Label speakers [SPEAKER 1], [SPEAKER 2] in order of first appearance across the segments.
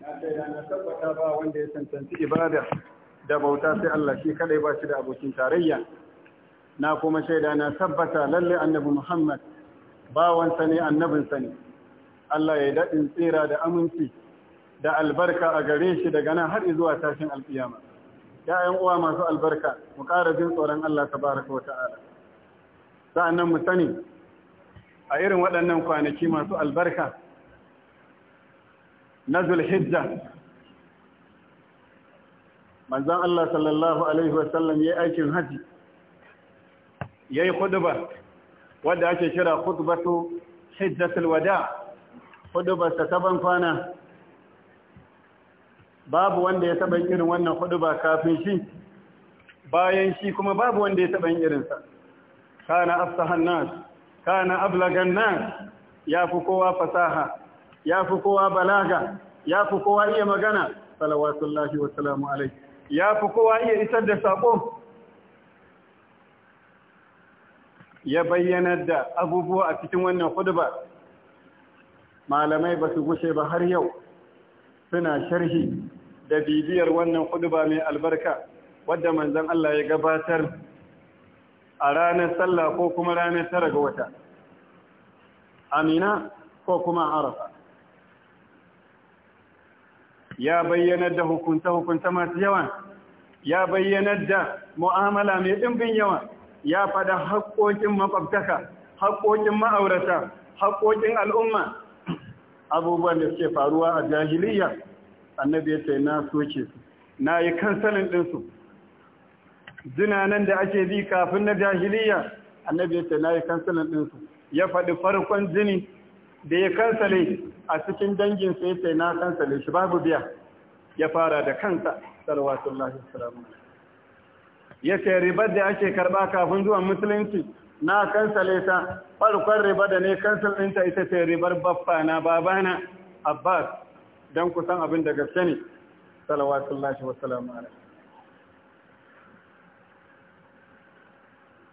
[SPEAKER 1] na na tabbata ba wanda ya cancanci ibada da bauta sai Allah shi kadai ba shi da abokin tarayya na kuma shaida na tabbata lalle annabi Muhammad bawansa ne annabin ne Allah ya daɗin tsira da aminci da albarka a gare shi daga nan har zuwa tashin Ya 'yan uwa masu albarka mu ƙara jin tsoron Allah tabaraka wa ta'ala sa'annan mu sani a irin waɗannan kwanaki masu albarka na zulhijja manzan Allah sallallahu Alaihi wasallam ya yi aikin haji ya yi huduba wadda ake kira hudubatu hijjatul wada hudubarsa ta ban kwana babu wanda ya taɓa irin wannan huduba kafin shi bayan shi kuma babu wanda ya taɓa irinsa kana afsahan nas kana ablagan nas ya fi kowa fasaha ya fi kowa balaga ya fi kowa iya magana salawatullahi wa salamu alaihi ya fi kowa iya isar da sako ya bayyanar da abubuwa a cikin wannan hudba malamai ba su gushe ba har yau suna sharhi da bibiyar wannan hudba mai albarka wadda manzon Allah ya gabatar a ranar sallah ko kuma ranar tara ga wata amina ko kuma arafa ya bayyanar da hukunta-hukunta masu yawa ya bayyanar da mu'amala mai ɗimbin yawa ya fada haƙoƙin makwabtaka haƙoƙin ma'aurata haƙoƙin al'umma abubuwan da suke faruwa a jahiliya annabi ya ce na soke su na yi kansalin ɗinsu zinanan da ake bi kafin na jahiliya annabi ya ce na yi kansalin ɗinsu ya faɗi farkon zini da ya kansale a cikin dangin sai sai na kansale shi babu biya ya fara da kansa salawatullahi salamu ya ce ribar da ake karba kafin zuwan musulunci na kansale ta farkon riba da ne kansal ita ce ribar baffa na babana abbas don kusan abin da gaske ne salawatullahi wasalamu alaihi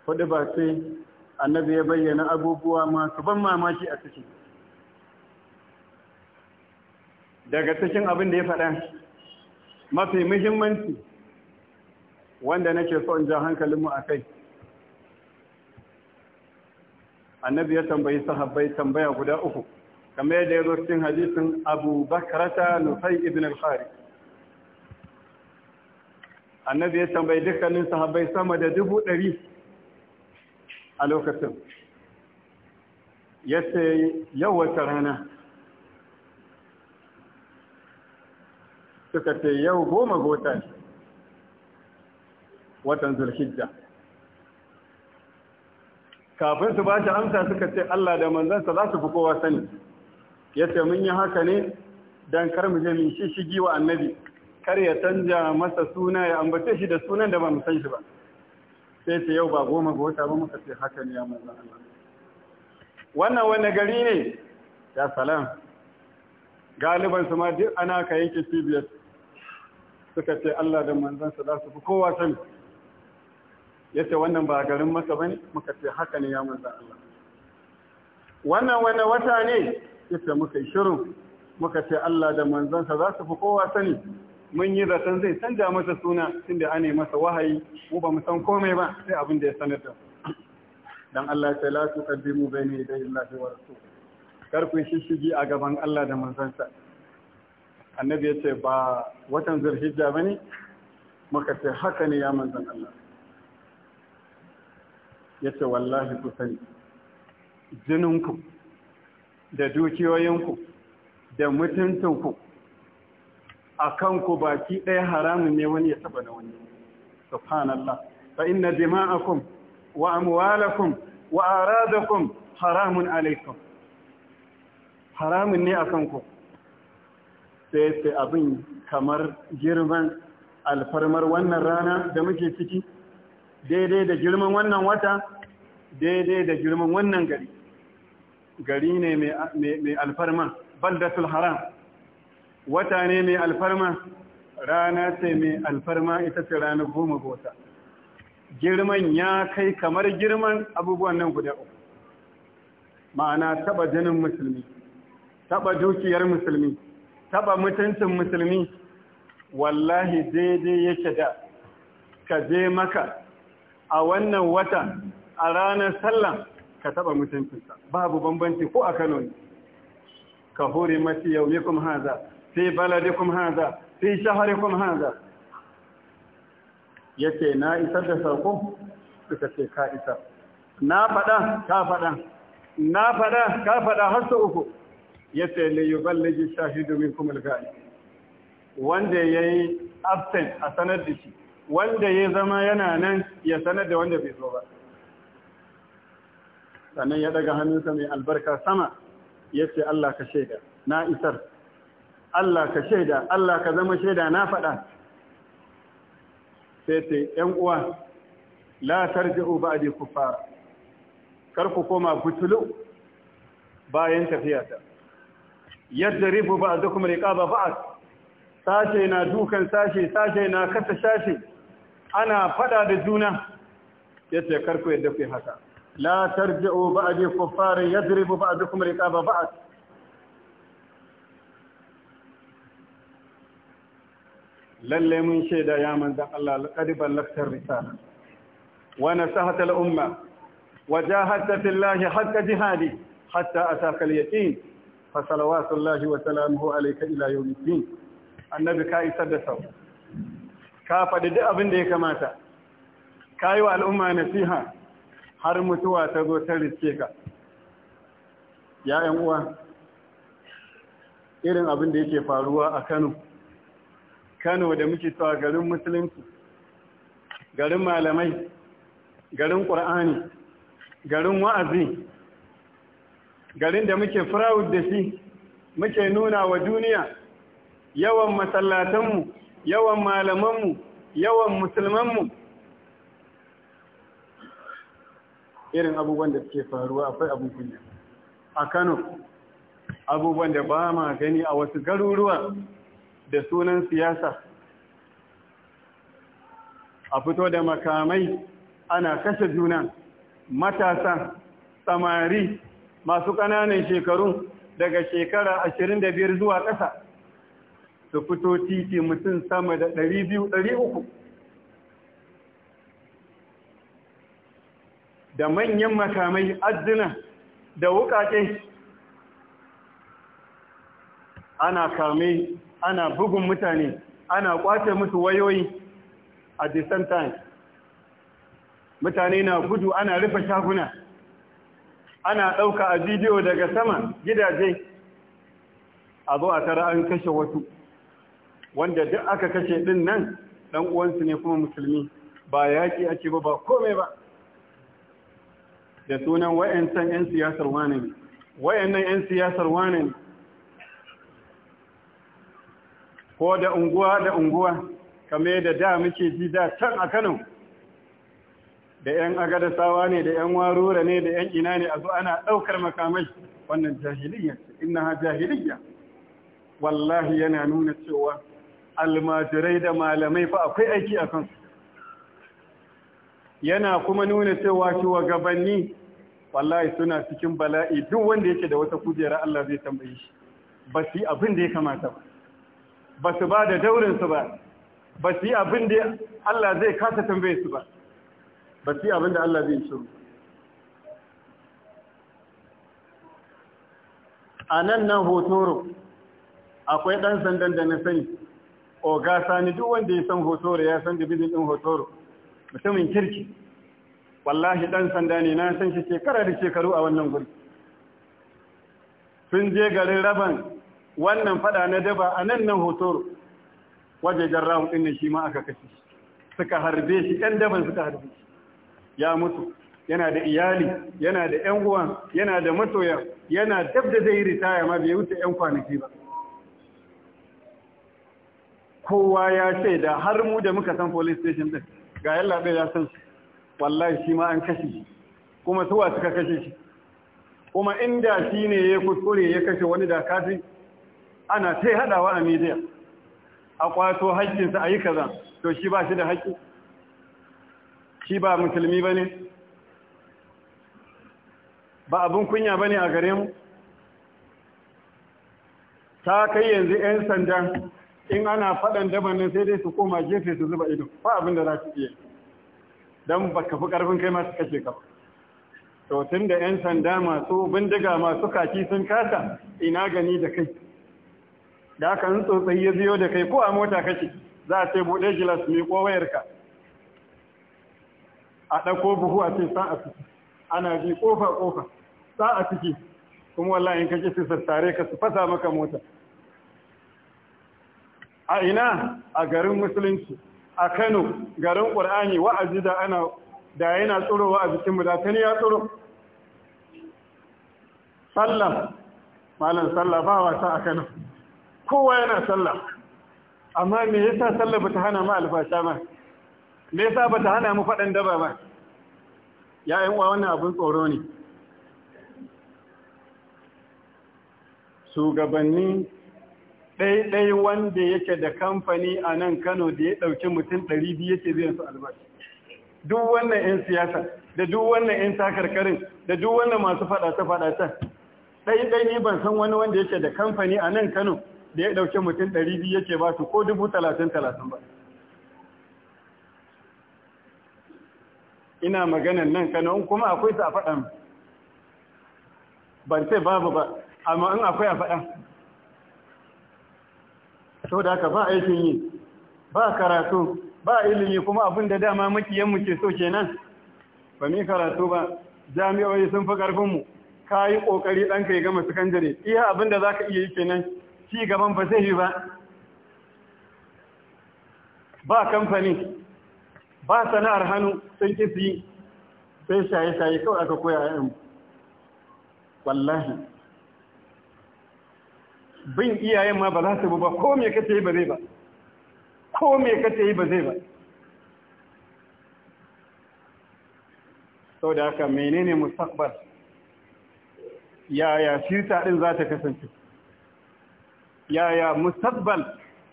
[SPEAKER 1] hudu ba sai annabi ya bayyana abubuwa masu ban mamaki a cikin daga cikin abin da ya faɗa mafi muhimmanci wanda nake so in ja hankalinmu a kai annabi ya tambayi sahabbai tambaya guda uku kamar yadda ya zo cikin hadisin abu bakarata nufai ibn al-khari annabi ya tambayi dukkanin sahabbai sama da dubu ɗari a lokacin ya ce yau wata rana suka ce yau goma gota ne, watan zulhijja kafin su ba shi amsa suka ce Allah da manzansa za su fi kowa sani ya ce mun yi haka ne don kar mu je min shishigi wa annabi kar ya canja masa suna ya ambace shi da sunan da ba mu san shi ba sai ce yau ba goma gota ba muka ce haka ne ya manzan Allah wannan wani gari ne ya salam galiban su ma duk ana ka yanke cibiyar suka ce Allah da manzansa za su fi kowa sani ya ce wannan ba garin masa ba ne muka ce haka ne ya manzan Allah wannan wani wata ne ya ce muka yi shirin muka ce Allah da manzansa za su fi kowa sani mun yi zaton zai canja masa suna tunda ane masa wahayi mu ba mu san komai ba sai abin da ya sanar da dan Allah ta la tuqaddimu bayni yaday Allahi wa rasuluhu kar ku shishigi a gaban Allah da manzansa annabi ya ce ba watan zulhijja ba ne muka ce haka ne ya manzan Allah ya ce wallahi ku sani jininku da dukiyoyinku da mutuntunku, a kanku baki ɗaya haramun ne wani ya taba na wani subhanallah fa inna dima'akum wa amwalakum wa aradakum haramun alaikum haramun ne a kanku sai sai abin kamar girman alfarmar wannan rana da muke ciki daidai da girman wannan wata daidai da girman wannan gari gari ne mai alfarma baldatul haram wata ne mai alfarma rana sai mai alfarma ita ce ranar goma gota girman ya kai kamar girman abubuwan nan guda uku ma'ana taba jinin musulmi taba dukiyar musulmi taba mutuncin musulmi wallahi daidai yake da ka je maka a wannan wata a ranar sallan ka taba mutuncinsa babu bambanci ko a Kano ne ka hori mafi kuma haza fi kuma haza shahari shaharikum haza ce na isar da sarko suka ce ka isar na faɗa ka faɗa na fada ka fada har su uku yace li yuballighi shahidu minkum al-ghaib wanda yayi absent a sanar da shi wanda ya zama yana nan ya sanar da wanda bai zo ba sannan ya daga hannunsa mai albarka sama yace Allah ka shaida na isar Allah ka shaida Allah ka zama shaida na faɗa sai ce ‘yan uwa la tarji'u ba'di kufara kar ku koma butulu bayan tafiyata yadda ribu ba da kuma riƙaba ba sashe na dukan sashe sashe na kasa sashe ana fada da juna ya ce karku yadda ku haka la tarji'u ba'di kuffarin yadribu ba'dukum riqaba ba'd lalle mun shaida ya manzan Allah laqad ballagtar risala wa nasahata al umma wa jahadta fillahi haqqa jihadi hatta ataka al yaqin فصلوات الله wa عليك alaika يوم الدين annabi ka isar da sau ka faɗi duk abin da ya kamata ka yi wa al'umma nasiha har mutuwa ta zo ta riske ka Ya'yan uwa irin abin da yake faruwa a kano kano da muke cewa garin musulunci garin malamai garin ƙur'ani garin wa'azi garin da muke fraud da shi muke nuna wa duniya yawan masallatanmu yawan malamanmu yawan musulmanmu irin abubuwan da suke faruwa akwai abin da a kano abubuwan da ba ma gani a wasu garuruwa da sunan siyasa a fito da makamai ana kashe juna matasa samari masu ƙananan shekarun daga shekara ashirin da biyar zuwa ƙasa su fito titi mutum sama da 200-300 da manyan makamai adduna da wukaƙe ana kame ana bugun mutane ana kwace musu wayoyi at the mutane na gudu ana rufe shaguna ana ɗauka a bidiyo daga sama gidaje a zo a tara an kashe wasu wanda duk aka kashe ɗin nan ɗan uwansu ne kuma musulmi ba yaƙi ce ba ba komai ba da sunan san 'yan siyasar wane ne nan 'yan siyasar wane ne ko da unguwa da unguwa kame da da muke ji da can a Kano da ‘yan agadasawa ne da ‘yan warura ne da ‘yan ina ne a zo ana ɗaukar makamai wannan jahiliya ce inna jahiliya wallahi yana nuna cewa almajirai da malamai fa akwai aiki a kansu yana kuma nuna cewa gabanni wallahi suna cikin bala'i duk wanda yake da wata kujera Allah zai tambaye shi ba su yi abin da ya kamata ba ba su ba da daurinsu ba ba su yi abin da Allah zai kasa tambaye su ba Basi abin da Allah zai shiru a nan nan hotoro akwai ɗan sandan da na sani oga sani duk wanda ya san hotoro ya san dubinin ɗin hotoro mutumin kirki wallahi ɗan sanda ne na san shi shekara da shekaru a wannan guri sun je garin raban wannan fada na daba a nan nan hotoro wajajen rahun ɗin shi ma aka kashe suka harbe shi ɗan daban suka harbe shi ya mutu yana da iyali yana da ƴan uwa, yana da matoya yana dab da zai ritaya ma bai wuce yan kwanaki ba kowa ya da har mu da muka san police station din ga yalla bai ya san wallahi shi ma an kashe shi kuma suwa suka kashe shi kuma inda shi ne ya kuskure ya kashe wani da kafi? ana sai hadawa a media a kwato haƙƙinsa a yi kaza to shi ba shi da haƙƙi shi ba musulmi ba ne ba abin kunya ba ne a gare mu ta kai yanzu 'yan sandan in ana faɗan nan sai dai su koma gefe su zuba ido ba abin da za su iya don ba ka fi ƙarfin kai masu kashe ka to tun da 'yan sanda masu bindiga masu kaki sun kasa ina gani da kai da aka yin ya biyo da kai ko a mota kashe za a ce buɗe gilas mai ko wayarka a ɗako buhu a ce sa a ciki ana bi ƙofa ƙofa sa a ciki kuma wallahi in kake su sassare ka su fasa maka mota a ina a garin musulunci a Kano garin Ƙur'ani, wa'azi da ana da yana tsorowa a bikin da ya tsoro sallah malam sallah ba wasa a Kano kowa yana sallah amma me yasa sallah ta hana ma albasha ma me yasa ba ta hana mu faɗan daba ba ya yan uwa wannan abin tsoro ne shugabanni ɗaiɗai wanda yake da kamfani a nan kano da ya ɗauki mutum ɗari biyu yake biyan su albashi duk wannan 'yan siyasa da duk wannan 'yan takarkarin da duk wannan masu faɗace-faɗacen ɗaiɗai ni ban san wani wanda yake da kamfani a nan kano da ya ɗauki mutum ɗari biyu yake ba su ko dubu talatin talatin ba ina maganan nan kano in kuma akwai su a faɗan ban sai babu ba amma in akwai a faɗan. sau da haka ba aikin yi ba karatu ba ilimi kuma abin da dama makiyanmu ke so kenan ba mai karatu ba jami'o'i sun fi ƙarfinmu ka yi ƙoƙari ɗanka ya gama sakandare iya abin da za ka iya yi kenan ci gaban ba zai yi ba ba kamfani ba sana'ar hannu sun ki sai shaye-shaye kawai aka koya a yanmu wallahi bin iyayen ma ba za su ba ko me kace yi ba zai ba ko me kace yi ba zai ba sau da haka menene mustaqbal yaya shirta din za ta kasance yaya mustaqbal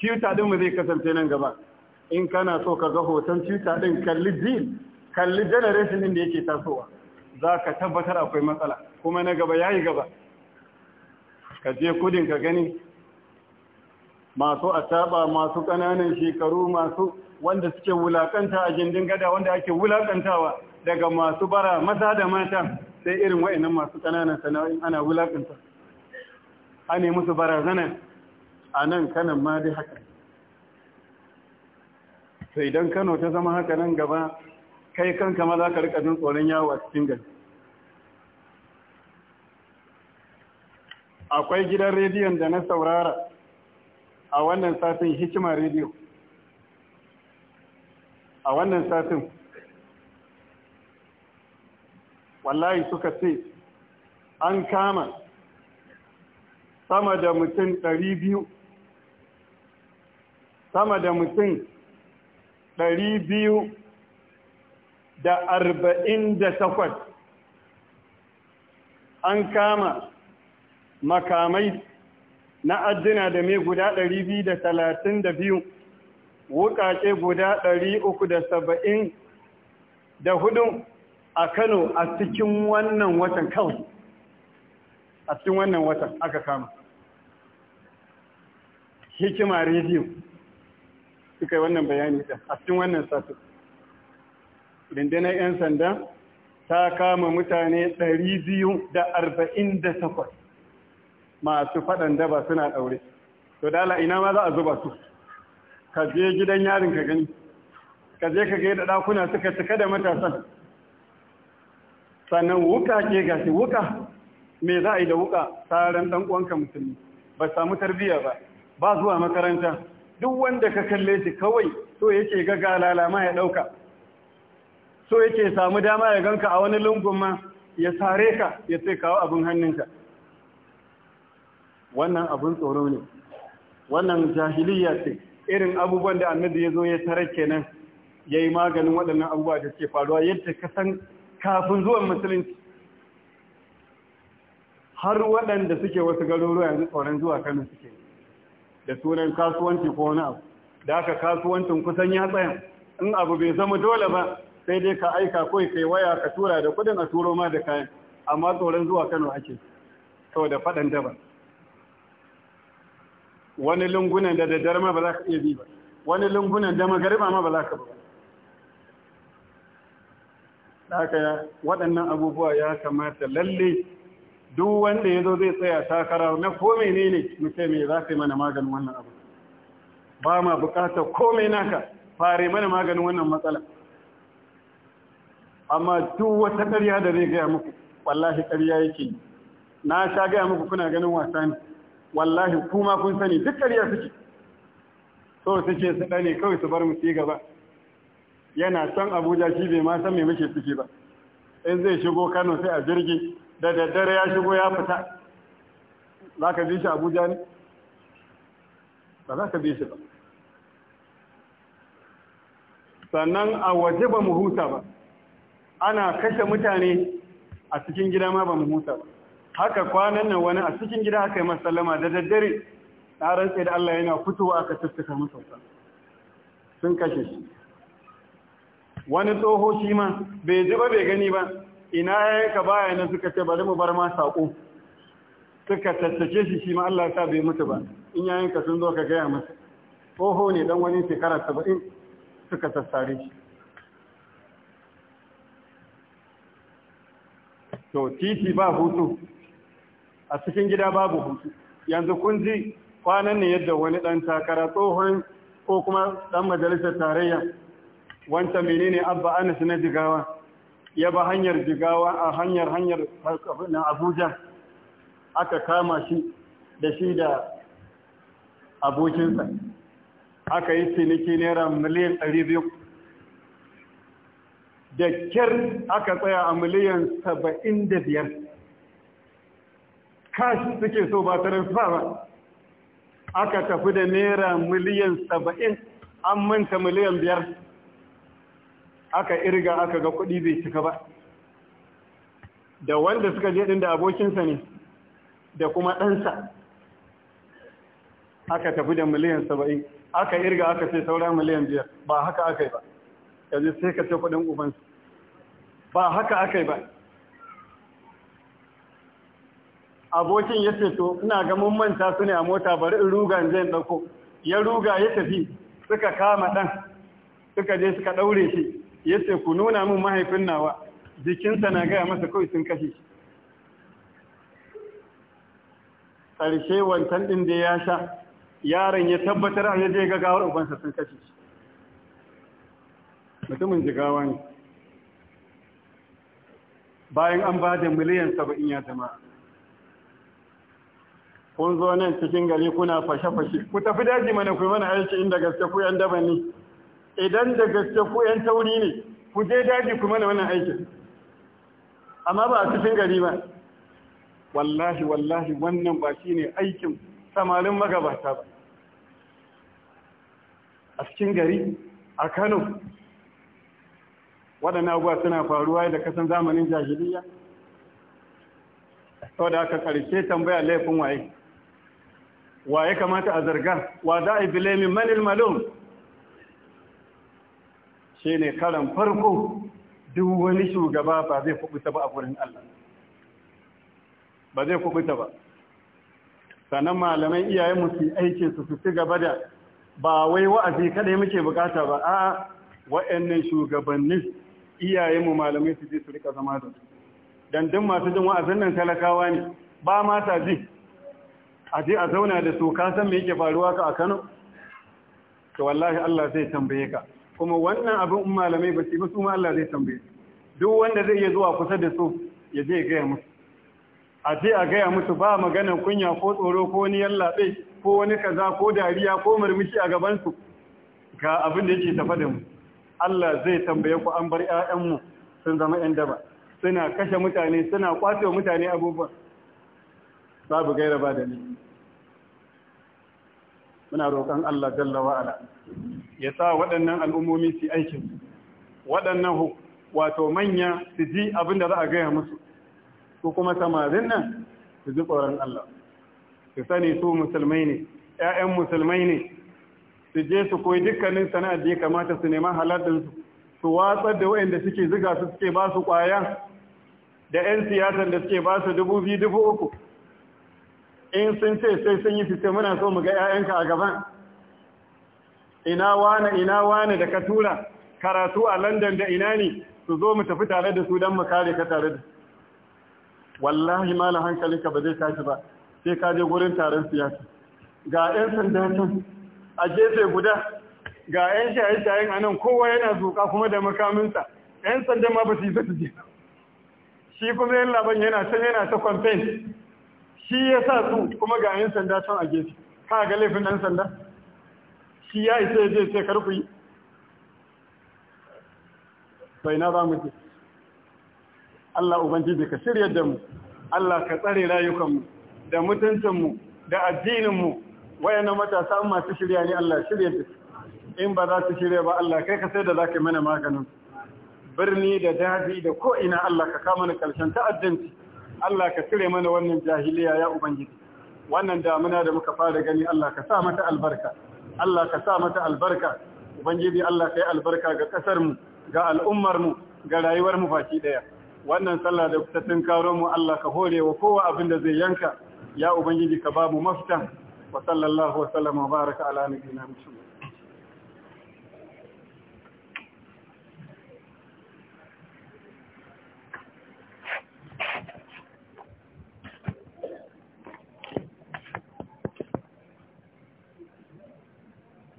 [SPEAKER 1] Shirta din mu zai kasance nan gaba in kana so ka ga hoton cuta ɗin kalli jil kalli generation ɗin da yake tasowa za ka tabbatar akwai matsala kuma na gaba ya yi gaba ka je kudin ka gani masu ataba, masu ƙananan shekaru masu wanda suke wulakanta a gindin gada wanda ake wulakantawa daga masu bara maza da mata sai irin wa'annan masu ƙananan sana'o'in ana wulakanta a ne musu barazana a nan kanan ma dai haka to idan Kano ta zama haka nan gaba kai kanka kama za ka rika jin tsoron yawo a cikin gari akwai gidan rediyon da na saurara a wannan satin hikima rediyo a wannan satin wallahi suka ce an kama sama da mutum biyu, sama da mutum ɗari biyu da arba'in da takwas an kama makamai na adina da mai guda ɗari biyu da talatin da biyu wuƙaƙe guda ɗari uku da saba'in da hudu a Kano a cikin wannan watan kawai a cikin wannan watan aka kama hikima rediyo suka yi wannan bayani da a cikin wannan satin rundunar 'yan sanda ta kama mutane 248 masu faɗan daba suna ɗaure to dala ina ma za a zuba su ka je gidan yarin ka gani ka je ka gaida ɗakuna suka cika da matasan sannan wuka ke gashi wuka me za a yi da wuka tsarin ɗan uwanka musulmi ba samu tarbiyya ba ba zuwa makaranta duk wanda ka kalle shi kawai so yake ga galalama ya dauka so yake samu dama ya ganka a wani lungun ma ya sare ka ya ce kawo abin hannunka wannan abin tsoro ne wannan jahiliya ce irin abubuwan da annabi ya zo ya tarar kenan ya yi maganin waɗannan abubuwa da ke faruwa yadda ka san kafin zuwan musulunci har waɗanda suke wasu garuruwa yanzu tsoron zuwa kano suke ne da sunan kasuwanci ko wani abu da aka kasuwancin kusan ya tsaya in abu bai zama dole ba sai dai ka aika kawai kai waya ka tura da kudin a turo ma da kayan amma tsoron zuwa kano ake da faɗan daba wani lungunan da daddare ma ba za ka iya bi ba wani lungunan da magariba ma ba za ka ba haka waɗannan abubuwa ya kamata lalle duk wanda ya zo zai tsaya takara na ko ne mu ce me za ka yi mana maganin wannan abu ba ma bukatar komai naka fare mana maganin wannan matsala amma duk wata ƙarya da zai gaya muku wallahi ƙarya yake yi na sha gaya muku kuna ganin wasa ne wallahi kuma kun sani duk ƙarya suke so suke su ɗane kawai su bar mu ci gaba yana son abuja shi bai ma san me muke suke ba in zai shigo kano sai a jirgi da daddare ya shigo ya fita za ka bi shi abuja ne ba za ka bi shi ba sannan a waje ba mu huta ba ana kashe mutane a cikin gida ma ba mu huta ba haka kwanan nan wani a cikin gida aka yi masallama da daddare na rantse da Allah yana fitowa aka tattaka masa wuta sun kashe shi wani tsoho shi ma bai ji ba bai gani ba ina ya yi ka baya na suka ce bari mu bar ma saƙo suka tattace shi shi ma Allah ta sa bai mutu ba in yayin ka sun zo ka gaya masa tsoho ne dan wani shekara saba'in suka sassare shi to titi ba hutu a cikin gida babu hutu yanzu kun ji kwanan ne yadda wani ɗan takara tsohon ko kuma ɗan majalisar tarayya wancan menene abba anas na jigawa ya ba hanyar jigawa a hanyar hanyar na abuja aka kama shi da shi da abokinsa aka yi ciniki naira miliyan 200 da kyar aka tsaya a miliyan 75 kashi suke so ba tarafa ba aka tafi da naira miliyan 70 an manta miliyan 5 aka irga aka ga kuɗi bai cika ba da wanda suka je ɗin da abokinsa ne da kuma ɗansa aka tafi da miliyan saba'in aka irga aka sai saura miliyan biyar ba haka aka yi ba yanzu sai ka ce kuɗin ubansa ba haka aka yi ba abokin ya ce to ina ga mun manta su ne a mota bari in ruga in zai ɗauko ya ruga ya tafi suka kama ɗan suka je suka ɗaure shi ya ce ku nuna min mahaifin nawa jikinsa na gaya masa kawai sun kashe shi ƙarshe wancan ɗin da ya sha yaron ya tabbatar a yaje ga gawar ubansa sun kashe shi mutumin jigawa ne bayan an ba da miliyan saba'in ya zama kun zo nan cikin gari kuna fashe-fashe ku tafi daji mana ku mana aiki inda gaske ku yan daba ne idan da gaske ku 'yan tauri ne ku je daji ku mana wannan aikin amma ba a cikin gari ba wallahi wallahi wannan ba shi ne aikin samarin magabata ba a cikin gari a kano waɗannan abuwa suna faruwa da kasan zamanin jahiliya sau da aka ƙarshe tambaya laifin waye waye kamata a zarga wa za a yi bilemin manil malum ne karan farko duk wani shugaba ba zai kubuta ba a gurin Allah ba zai kubuta ba sannan malaman iyayen mu su aikin su su ci gaba da ba wai wa'azi kada muke bukata ba a wa'annan shugabannin iyayen mu malamai su je su rika zama da su dan duk masu jin wa'azin nan talakawa ne ba ma ta ji a je a zauna da su ka san me yake faruwa ka a Kano to wallahi Allah zai tambaye ka kuma wannan abin malamai ba su su ma Allah zai tambaye su. duk wanda zai iya zuwa kusa da su ya je gaya musu a ce a gaya musu ba magana kunya ko tsoro ko wani yallaɓe ko wani kaza ko dariya ko murmushi a gabansu ga abin da yake tafa da mu Allah zai tambaye ku an bar 'ya'yanmu sun zama 'yan daba suna kashe mutane suna kwace mutane abubuwa babu gaira ba da ni muna roƙon Allah jalla wa'ala ya sa waɗannan al'ummomi su aikin waɗannan wato manya su ji abin da za a gaya musu ko kuma samarin nan su ji tsoron Allah su sani su musulmai ne ‘ya'yan musulmai ne su je su koyi dukkanin sana'ar da ya kamata su nema halaɗinsu su watsar da waɗanda suke ziga su suke ba su ƙwaya da ‘yan siyasar da suke ba su dubu biyu dubu uku in sun ce sai sun yi fice muna so mu ga 'ya'yanka a gaban ina wane ina wane da ka tura karatu a london da ina ne su zo mu tafi tare da su don mu kare ka tare da wallahi malam ka ba zai tashi ba sai ka je gurin taron siyasa ga 'yan sanda can a gefe guda ga 'yan shaye-shayen a nan kowa yana zuka kuma da makaminsa 'yan sanda ma ba su yi su je shi kuma yin laban yana can yana ta campaign shi ya sa su kuma ga 'yan sanda can a gefe ka ga laifin ɗan sanda shi ya isa ya je sai karfi yi bai na za mu ce Allah Ubangiji ka shirya da mu Allah ka tsare rayukanmu da mutuncinmu da addininmu wayana matasa masu shirya ne Allah shirya da su? in ba za su shirya ba Allah kai ka sai da za ka mana maganin birni da daji da ko ina Allah ka kama ni ƙarshen ta'addanci Allah ka cire mana wannan jahiliya ya ubangiji wannan damuna da muka fara gani Allah ka sa mata albarka Allah ka sa mata albarka ubangiji Allah ka yi albarka ga kasar mu ga al'ummar mu ga rayuwar mu baki daya wannan sallah da ta tunkaro mu Allah ka hore wa kowa abin da zai yanka ya ubangiji ka babu mafita wa sallallahu wa sallama baraka ala nabiyina muhammad